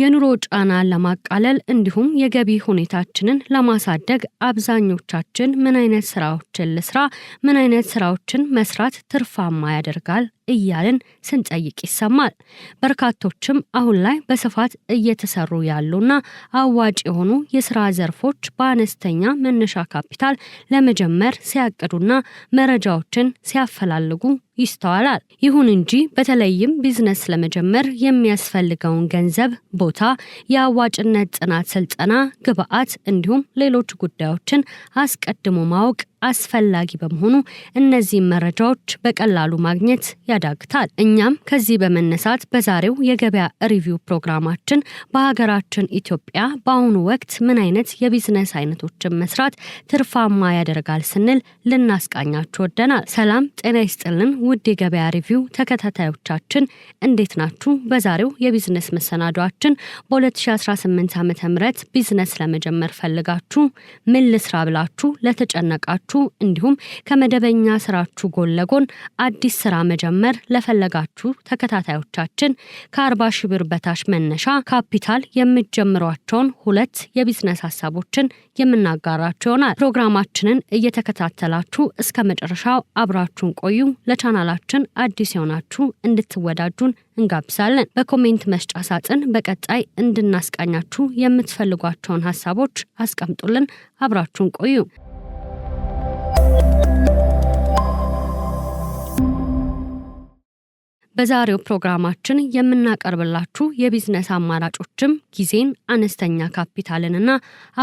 የኑሮ ጫናን ለማቃለል እንዲሁም የገቢ ሁኔታችንን ለማሳደግ አብዛኞቻችን ምን አይነት ስራዎችን ልስራ፣ ምን አይነት ስራዎችን መስራት ትርፋማ ያደርጋል እያልን ስንጠይቅ ይሰማል። በርካቶችም አሁን ላይ በስፋት እየተሰሩ ያሉና አዋጭ የሆኑ የስራ ዘርፎች በአነስተኛ መነሻ ካፒታል ለመጀመር ሲያቅዱና መረጃዎችን ሲያፈላልጉ ይስተዋላል። ይሁን እንጂ በተለይም ቢዝነስ ለመጀመር የሚያስፈልገውን ገንዘብ፣ ቦታ፣ የአዋጭነት ጥናት ስልጠና፣ ግብአት እንዲሁም ሌሎች ጉዳዮችን አስቀድሞ ማወቅ አስፈላጊ በመሆኑ እነዚህን መረጃዎች በቀላሉ ማግኘት ያዳግታል። እኛም ከዚህ በመነሳት በዛሬው የገበያ ሪቪው ፕሮግራማችን በሀገራችን ኢትዮጵያ በአሁኑ ወቅት ምን አይነት የቢዝነስ አይነቶችን መስራት ትርፋማ ያደርጋል ስንል ልናስቃኛችሁ ወደናል። ሰላም ጤና ይስጥልን ውድ የገበያ ሪቪው ተከታታዮቻችን እንዴት ናችሁ? በዛሬው የቢዝነስ መሰናዷችን በ2018 ዓ ም ቢዝነስ ለመጀመር ፈልጋችሁ ምን ልስራ ብላችሁ ለተጨነቃችሁ ፈልጋችሁ እንዲሁም ከመደበኛ ስራችሁ ጎን ለጎን አዲስ ስራ መጀመር ለፈለጋችሁ ተከታታዮቻችን ከ40 ሺ ብር በታች መነሻ ካፒታል የምትጀምሯቸውን ሁለት የቢዝነስ ሀሳቦችን የምናጋራችሁ ይሆናል። ፕሮግራማችንን እየተከታተላችሁ እስከ መጨረሻው አብራችሁን ቆዩ። ለቻናላችን አዲስ የሆናችሁ እንድትወዳጁን እንጋብዛለን። በኮሜንት መስጫ ሳጥን በቀጣይ እንድናስቃኛችሁ የምትፈልጓቸውን ሀሳቦች አስቀምጡልን። አብራችሁን ቆዩ። በዛሬው ፕሮግራማችን የምናቀርብላችሁ የቢዝነስ አማራጮችም ጊዜን፣ አነስተኛ ካፒታልንና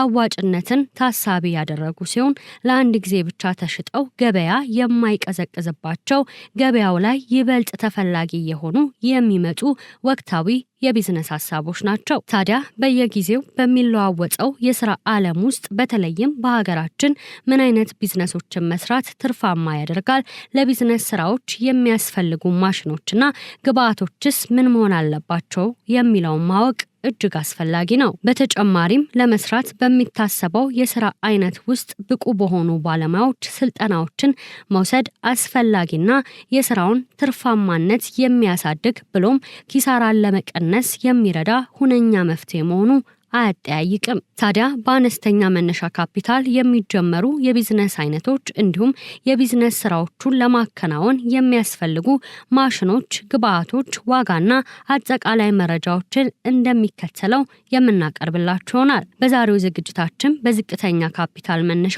አዋጭነትን ታሳቢ ያደረጉ ሲሆን ለአንድ ጊዜ ብቻ ተሽጠው ገበያ የማይቀዘቅዝባቸው ገበያው ላይ ይበልጥ ተፈላጊ የሆኑ የሚመጡ ወቅታዊ የቢዝነስ ሀሳቦች ናቸው። ታዲያ በየጊዜው በሚለዋወጠው የስራ ዓለም ውስጥ በተለይም በሀገራችን ምን አይነት ቢዝነሶችን መስራት ትርፋማ ያደርጋል? ለቢዝነስ ስራዎች የሚያስፈልጉ ማሽኖችና ግብአቶችስ ምን መሆን አለባቸው? የሚለውን ማወቅ እጅግ አስፈላጊ ነው። በተጨማሪም ለመስራት በሚታሰበው የስራ አይነት ውስጥ ብቁ በሆኑ ባለሙያዎች ስልጠናዎችን መውሰድ አስፈላጊና የስራውን ትርፋማነት የሚያሳድግ ብሎም ኪሳራን ለመቀነስ የሚረዳ ሁነኛ መፍትሄ መሆኑ አያጠያይቅም። ታዲያ በአነስተኛ መነሻ ካፒታል የሚጀመሩ የቢዝነስ አይነቶች እንዲሁም የቢዝነስ ስራዎቹን ለማከናወን የሚያስፈልጉ ማሽኖች፣ ግብአቶች፣ ዋጋና አጠቃላይ መረጃዎችን እንደሚከተለው የምናቀርብላችሁ ይሆናል። በዛሬው ዝግጅታችን በዝቅተኛ ካፒታል መነሻ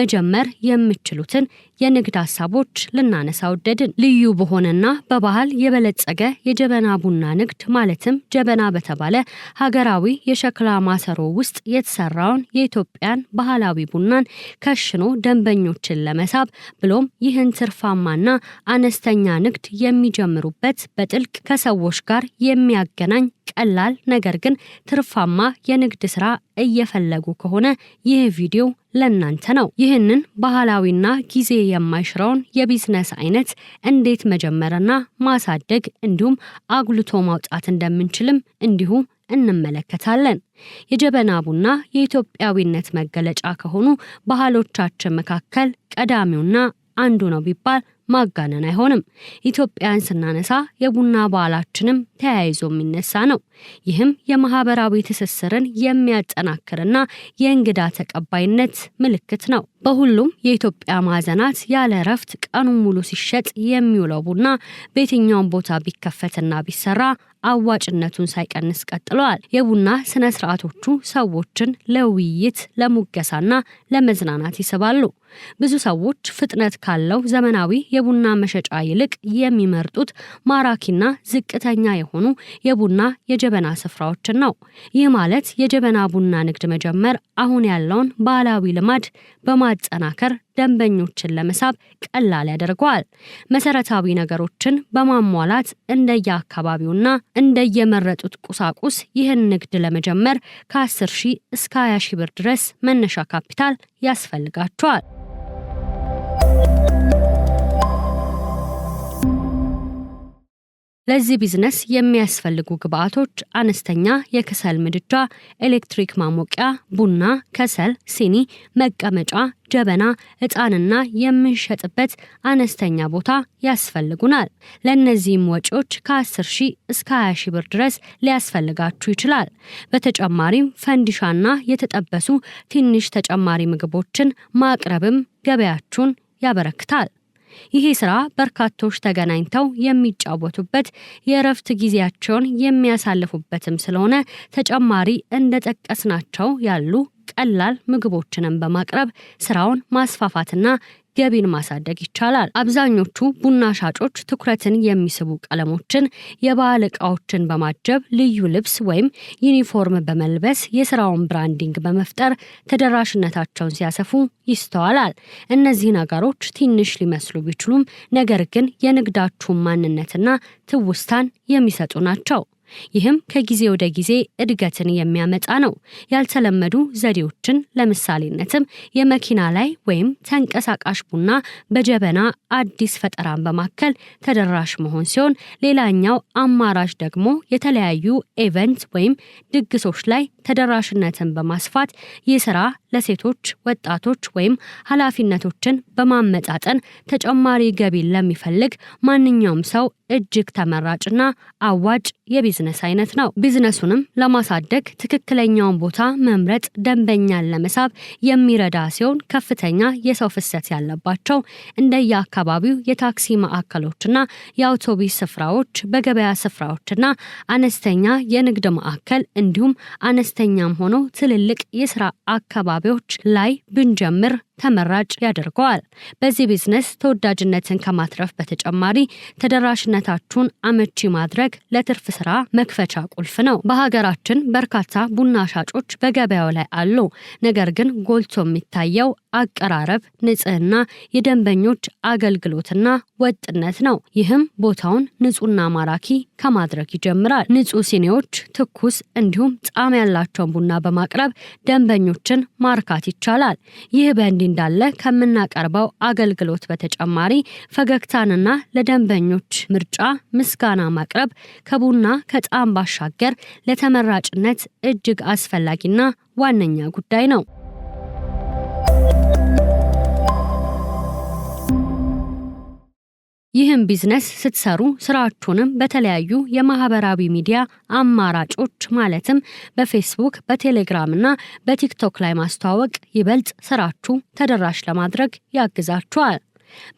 መጀመር የምችሉትን የንግድ ሀሳቦች ልናነሳ ወደድን። ልዩ በሆነና በባህል የበለጸገ የጀበና ቡና ንግድ ማለትም ጀበና በተባለ ሀገራዊ የሸክላ ማሰሮ ውስጥ የተሰራውን የኢትዮጵያን ባህላዊ ቡናን ከሽኖ ደንበኞችን ለመሳብ ብሎም ይህን ትርፋማና አነስተኛ ንግድ የሚጀምሩበት በጥልቅ ከሰዎች ጋር የሚያገናኝ ቀላል ነገር ግን ትርፋማ የንግድ ስራ እየፈለጉ ከሆነ ይህ ቪዲዮ ለእናንተ ነው። ይህንን ባህላዊና ጊዜ የማይሽረውን የቢዝነስ አይነት እንዴት መጀመርና ማሳደግ እንዲሁም አጉልቶ ማውጣት እንደምንችልም እንዲሁም እንመለከታለን። የጀበና ቡና የኢትዮጵያዊነት መገለጫ ከሆኑ ባህሎቻችን መካከል ቀዳሚውና አንዱ ነው ቢባል ማጋነን አይሆንም። ኢትዮጵያን ስናነሳ የቡና በዓላችንም ተያይዞ የሚነሳ ነው። ይህም የማህበራዊ ትስስርን የሚያጠናክርና የእንግዳ ተቀባይነት ምልክት ነው። በሁሉም የኢትዮጵያ ማዕዘናት ያለ እረፍት ቀኑን ሙሉ ሲሸጥ የሚውለው ቡና በየትኛውም ቦታ ቢከፈትና ቢሰራ አዋጭነቱን ሳይቀንስ ቀጥለዋል። የቡና ስነ ስርዓቶቹ ሰዎችን ለውይይት፣ ለሙገሳና ለመዝናናት ይስባሉ። ብዙ ሰዎች ፍጥነት ካለው ዘመናዊ የቡና መሸጫ ይልቅ የሚመርጡት ማራኪና ዝቅተኛ የሆኑ የቡና የጀበና ስፍራዎችን ነው። ይህ ማለት የጀበና ቡና ንግድ መጀመር አሁን ያለውን ባህላዊ ልማድ በማጠናከር ደንበኞችን ለመሳብ ቀላል ያደርገዋል። መሰረታዊ ነገሮችን በማሟላት እንደየአካባቢውና እንደየመረጡት ቁሳቁስ ይህን ንግድ ለመጀመር ከ10 ሺህ እስከ 20 ሺህ ብር ድረስ መነሻ ካፒታል ያስፈልጋቸዋል። ለዚህ ቢዝነስ የሚያስፈልጉ ግብአቶች አነስተኛ የከሰል ምድጃ፣ ኤሌክትሪክ ማሞቂያ፣ ቡና፣ ከሰል፣ ሲኒ፣ መቀመጫ፣ ጀበና፣ እጣንና የምንሸጥበት አነስተኛ ቦታ ያስፈልጉናል። ለእነዚህም ወጪዎች ከ10 እስከ 20 ብር ድረስ ሊያስፈልጋችሁ ይችላል። በተጨማሪም ፈንዲሻና የተጠበሱ ትንሽ ተጨማሪ ምግቦችን ማቅረብም ገበያችሁን ያበረክታል። ይህ ስራ በርካቶች ተገናኝተው የሚጫወቱበት የእረፍት ጊዜያቸውን የሚያሳልፉበትም ስለሆነ ተጨማሪ እንደጠቀስናቸው ያሉ ቀላል ምግቦችንም በማቅረብ ስራውን ማስፋፋትና ገቢን ማሳደግ ይቻላል። አብዛኞቹ ቡና ሻጮች ትኩረትን የሚስቡ ቀለሞችን፣ የባህል እቃዎችን በማጀብ ልዩ ልብስ ወይም ዩኒፎርም በመልበስ የስራውን ብራንዲንግ በመፍጠር ተደራሽነታቸውን ሲያሰፉ ይስተዋላል። እነዚህ ነገሮች ትንሽ ሊመስሉ ቢችሉም ነገር ግን የንግዳችሁን ማንነትና ትውስታን የሚሰጡ ናቸው። ይህም ከጊዜ ወደ ጊዜ እድገትን የሚያመጣ ነው። ያልተለመዱ ዘዴዎችን ለምሳሌነትም የመኪና ላይ ወይም ተንቀሳቃሽ ቡና በጀበና አዲስ ፈጠራን በማከል ተደራሽ መሆን ሲሆን፣ ሌላኛው አማራጭ ደግሞ የተለያዩ ኤቨንት ወይም ድግሶች ላይ ተደራሽነትን በማስፋት ይህ ስራ ለሴቶች ወጣቶች ወይም ኃላፊነቶችን በማመጣጠን ተጨማሪ ገቢን ለሚፈልግ ማንኛውም ሰው እጅግ ተመራጭና አዋጭ የቢዝነስ የቢዝነስ አይነት ነው። ቢዝነሱንም ለማሳደግ ትክክለኛውን ቦታ መምረጥ ደንበኛን ለመሳብ የሚረዳ ሲሆን ከፍተኛ የሰው ፍሰት ያለባቸው እንደየአካባቢው የታክሲ ማዕከሎችና የአውቶቡስ ስፍራዎች፣ በገበያ ስፍራዎችና አነስተኛ የንግድ ማዕከል እንዲሁም አነስተኛም ሆኖ ትልልቅ የስራ አካባቢዎች ላይ ብንጀምር ተመራጭ ያደርገዋል። በዚህ ቢዝነስ ተወዳጅነትን ከማትረፍ በተጨማሪ ተደራሽነታችሁን አመቺ ማድረግ ለትርፍ ስራ መክፈቻ ቁልፍ ነው። በሀገራችን በርካታ ቡና ሻጮች በገበያው ላይ አሉ። ነገር ግን ጎልቶ የሚታየው አቀራረብ፣ ንጽህና፣ የደንበኞች አገልግሎትና ወጥነት ነው። ይህም ቦታውን ንጹህና ማራኪ ከማድረግ ይጀምራል። ንጹህ ሲኒዎች፣ ትኩስ እንዲሁም ጣዕም ያላቸውን ቡና በማቅረብ ደንበኞችን ማርካት ይቻላል። ይህ በእንዲህ እንዳለ ከምናቀርበው አገልግሎት በተጨማሪ ፈገግታንና ለደንበኞች ምርጫ ምስጋና ማቅረብ ከቡና ከጣዕም ባሻገር ለተመራጭነት እጅግ አስፈላጊና ዋነኛ ጉዳይ ነው። ይህም ቢዝነስ ስትሰሩ ስራችሁንም በተለያዩ የማህበራዊ ሚዲያ አማራጮች ማለትም በፌስቡክ፣ በቴሌግራም እና በቲክቶክ ላይ ማስተዋወቅ ይበልጥ ስራችሁ ተደራሽ ለማድረግ ያግዛችኋል።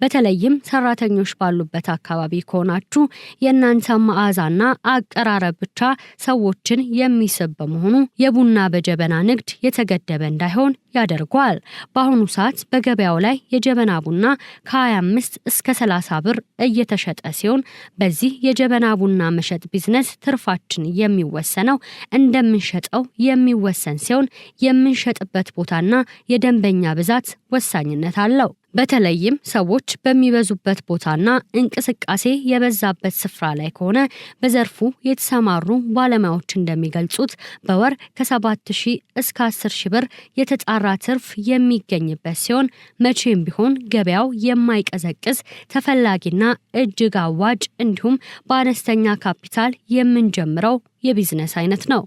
በተለይም ሰራተኞች ባሉበት አካባቢ ከሆናችሁ የእናንተ መዓዛና አቀራረብ ብቻ ሰዎችን የሚስብ በመሆኑ የቡና በጀበና ንግድ የተገደበ እንዳይሆን ያደርጓል። በአሁኑ ሰዓት በገበያው ላይ የጀበና ቡና ከ25 እስከ 30 ብር እየተሸጠ ሲሆን በዚህ የጀበና ቡና መሸጥ ቢዝነስ ትርፋችን የሚወሰነው እንደምንሸጠው የሚወሰን ሲሆን የምንሸጥበት ቦታና የደንበኛ ብዛት ወሳኝነት አለው። በተለይም ሰዎች በሚበዙበት ቦታና እንቅስቃሴ የበዛበት ስፍራ ላይ ከሆነ በዘርፉ የተሰማሩ ባለሙያዎች እንደሚገልጹት በወር ከ7 ሺህ እስከ 10 ሺህ ብር የተጣራ ትርፍ የሚገኝበት ሲሆን መቼም ቢሆን ገበያው የማይቀዘቅዝ ተፈላጊና እጅግ አዋጭ እንዲሁም በአነስተኛ ካፒታል የምንጀምረው የቢዝነስ አይነት ነው።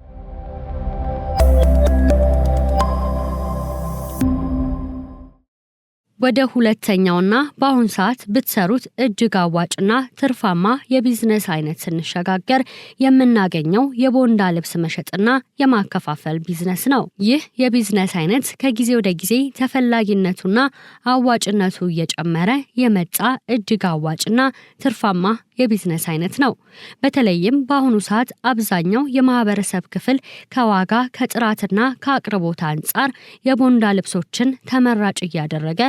ወደ ሁለተኛውና በአሁን ሰዓት ብትሰሩት እጅግ አዋጭና ትርፋማ የቢዝነስ አይነት ስንሸጋገር የምናገኘው የቦንዳ ልብስ መሸጥና የማከፋፈል ቢዝነስ ነው። ይህ የቢዝነስ አይነት ከጊዜ ወደ ጊዜ ተፈላጊነቱና አዋጭነቱ እየጨመረ የመጣ እጅግ አዋጭና ትርፋማ የቢዝነስ አይነት ነው። በተለይም በአሁኑ ሰዓት አብዛኛው የማህበረሰብ ክፍል ከዋጋ ከጥራትና ከአቅርቦት አንጻር የቦንዳ ልብሶችን ተመራጭ እያደረገ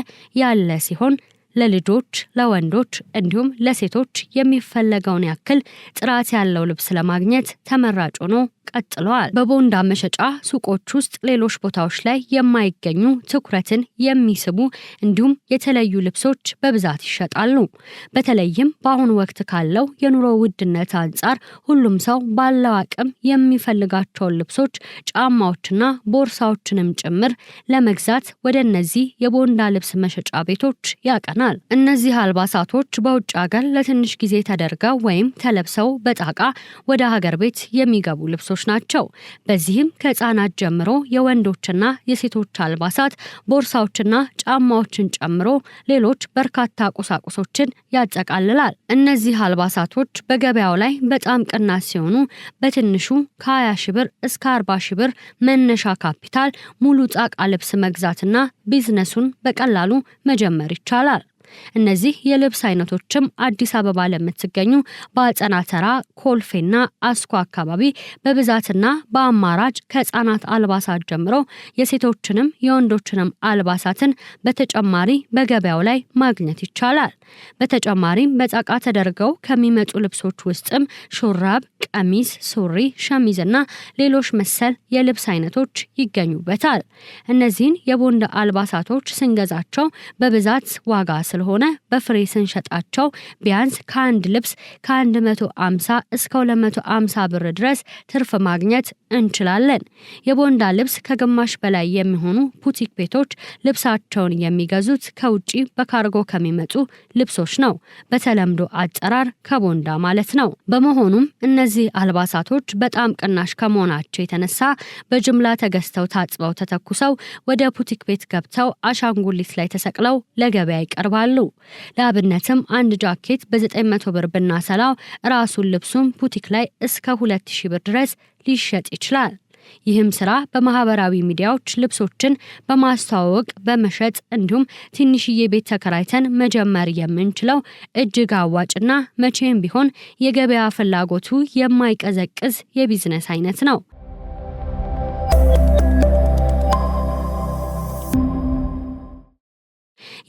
ያለ ሲሆን ለልጆች፣ ለወንዶች እንዲሁም ለሴቶች የሚፈለገውን ያክል ጥራት ያለው ልብስ ለማግኘት ተመራጭ ሆኖ ቀጥለዋል። በቦንዳ መሸጫ ሱቆች ውስጥ ሌሎች ቦታዎች ላይ የማይገኙ ትኩረትን የሚስቡ እንዲሁም የተለዩ ልብሶች በብዛት ይሸጣሉ። በተለይም በአሁኑ ወቅት ካለው የኑሮ ውድነት አንጻር ሁሉም ሰው ባለው አቅም የሚፈልጋቸውን ልብሶች፣ ጫማዎችና ቦርሳዎችንም ጭምር ለመግዛት ወደ እነዚህ የቦንዳ ልብስ መሸጫ ቤቶች ያቀናል። እነዚህ አልባሳቶች በውጭ ሀገር ለትንሽ ጊዜ ተደርገው ወይም ተለብሰው በጣቃ ወደ ሀገር ቤት የሚገቡ ልብሶች አልባሳቶች ናቸው። በዚህም ከህፃናት ጀምሮ የወንዶችና የሴቶች አልባሳት፣ ቦርሳዎችና ጫማዎችን ጨምሮ ሌሎች በርካታ ቁሳቁሶችን ያጠቃልላል። እነዚህ አልባሳቶች በገበያው ላይ በጣም ቅናሽ ሲሆኑ በትንሹ ከ20 ሺ ብር እስከ 40 ሺ ብር መነሻ ካፒታል ሙሉ ጣቃ ልብስ መግዛትና ቢዝነሱን በቀላሉ መጀመር ይቻላል። እነዚህ የልብስ አይነቶችም አዲስ አበባ ለምትገኙ በአጸናተራ፣ ተራ፣ ኮልፌና አስኮ አካባቢ በብዛትና በአማራጭ ከህፃናት አልባሳት ጀምሮ የሴቶችንም የወንዶችንም አልባሳትን በተጨማሪ በገበያው ላይ ማግኘት ይቻላል። በተጨማሪም በጻቃ ተደርገው ከሚመጡ ልብሶች ውስጥም ሹራብ፣ ቀሚስ፣ ሱሪ፣ ሸሚዝና ሌሎች መሰል የልብስ አይነቶች ይገኙበታል። እነዚህን የቦንድ አልባሳቶች ስንገዛቸው በብዛት ዋጋ ስለ ስለሆነ በፍሬ ስንሸጣቸው ቢያንስ ከአንድ ልብስ ከ150 እስከ 250 ብር ድረስ ትርፍ ማግኘት እንችላለን። የቦንዳ ልብስ ከግማሽ በላይ የሚሆኑ ቡቲክ ቤቶች ልብሳቸውን የሚገዙት ከውጭ በካርጎ ከሚመጡ ልብሶች ነው፣ በተለምዶ አጠራር ከቦንዳ ማለት ነው። በመሆኑም እነዚህ አልባሳቶች በጣም ቅናሽ ከመሆናቸው የተነሳ በጅምላ ተገዝተው ታጽበው ተተኩሰው ወደ ቡቲክ ቤት ገብተው አሻንጉሊት ላይ ተሰቅለው ለገበያ ይቀርባሉ። ይችላሉ። ለአብነትም አንድ ጃኬት በ900 ብር ብናሰላው ራሱን ልብሱም ቡቲክ ላይ እስከ 2000 ብር ድረስ ሊሸጥ ይችላል። ይህም ስራ በማህበራዊ ሚዲያዎች ልብሶችን በማስተዋወቅ በመሸጥ እንዲሁም ትንሽዬ ቤት ተከራይተን መጀመር የምንችለው እጅግ አዋጭና መቼም ቢሆን የገበያ ፍላጎቱ የማይቀዘቅዝ የቢዝነስ አይነት ነው።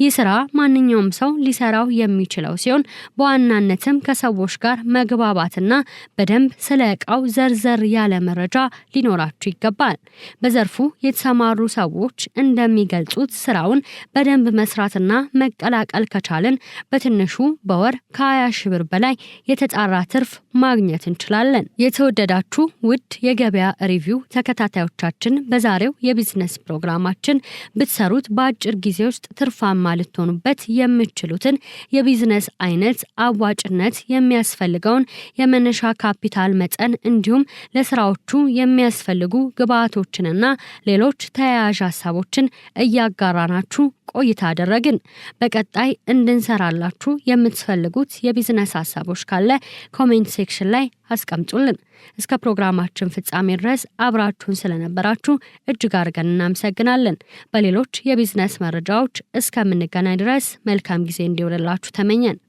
ይህ ስራ ማንኛውም ሰው ሊሰራው የሚችለው ሲሆን በዋናነትም ከሰዎች ጋር መግባባትና በደንብ ስለ እቃው ዘርዘር ያለ መረጃ ሊኖራችሁ ይገባል። በዘርፉ የተሰማሩ ሰዎች እንደሚገልጹት ስራውን በደንብ መስራትና መቀላቀል ከቻልን በትንሹ በወር ከ20 ሺ ብር በላይ የተጣራ ትርፍ ማግኘት እንችላለን። የተወደዳችሁ ውድ የገበያ ሪቪው ተከታታዮቻችን በዛሬው የቢዝነስ ፕሮግራማችን ብትሰሩት በአጭር ጊዜ ውስጥ ትርፋማ ውጤታማ ልትሆኑበት የምትችሉትን የቢዝነስ አይነት፣ አዋጭነት የሚያስፈልገውን የመነሻ ካፒታል መጠን እንዲሁም ለስራዎቹ የሚያስፈልጉ ግብአቶችንና ሌሎች ተያያዥ ሀሳቦችን እያጋራናችሁ ቆይታ አደረግን። በቀጣይ እንድንሰራላችሁ የምትፈልጉት የቢዝነስ ሀሳቦች ካለ ኮሜንት ሴክሽን ላይ አስቀምጡልን። እስከ ፕሮግራማችን ፍጻሜ ድረስ አብራችሁን ስለነበራችሁ እጅግ አድርገን እናመሰግናለን። በሌሎች የቢዝነስ መረጃዎች እስከምንገናኝ ድረስ መልካም ጊዜ እንዲውልላችሁ ተመኘን።